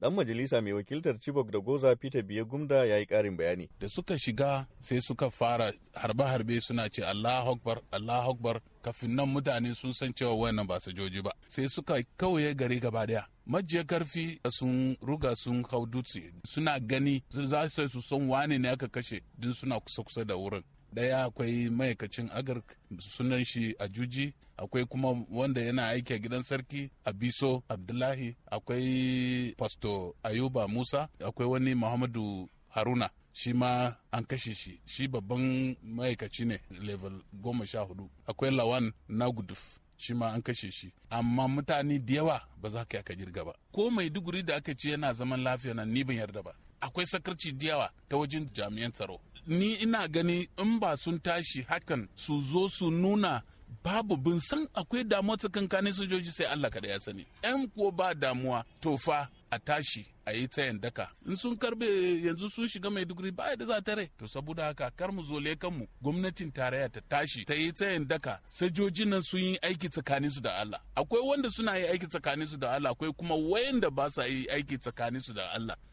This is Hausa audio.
Dan majalisa mai wakiltar Chibok da Goza Peter Biye Gumda ya yi karin bayani. Da suka shiga sai suka fara harbe-harbe suna ce Allah Akbar, Allah Akbar, kafin nan mutane sun san cewa wannan ba sojoji ba. Sai suka kauye gari gaba daya. Majiya karfi sun ruga sun hau dutse suna gani za su san wane ne aka kashe din suna kusa-kusa da wurin. daya akwai ma'aikacin agar sunan shi a juji akwai kuma wanda yana aiki a gidan sarki a biso abdullahi akwai pasto ayuba musa akwai wani muhammadu haruna shi ma an kashe shi shi babban ma'aikaci ne level goma sha hudu akwai lawan na guduf shi ma an kashe shi amma mutane da yawa ba za ka yi aka girga ba ko mai duguri da aka ce yana zaman lafiya na ni ban yarda ba akwai sakarci da yawa ta wajen jami'an tsaro ni ina gani in ba sun tashi hakan su zo su nuna babu bin san akwai damuwa tsakankanin sojoji sai Allah kada ya sani yan kuwa ba damuwa tofa a tashi a yi tsayin daka in sun karbe yanzu sun shiga mai maiduguri ba da za ta rai to saboda haka kar mu zole kanmu gwamnatin tarayya ta tashi ta yi tsayin daka sojoji nan sun yi aiki tsakanin su da Allah akwai wanda suna yi aiki tsakanin su da Allah akwai kuma wayanda ba sa yi aiki tsakanin su da Allah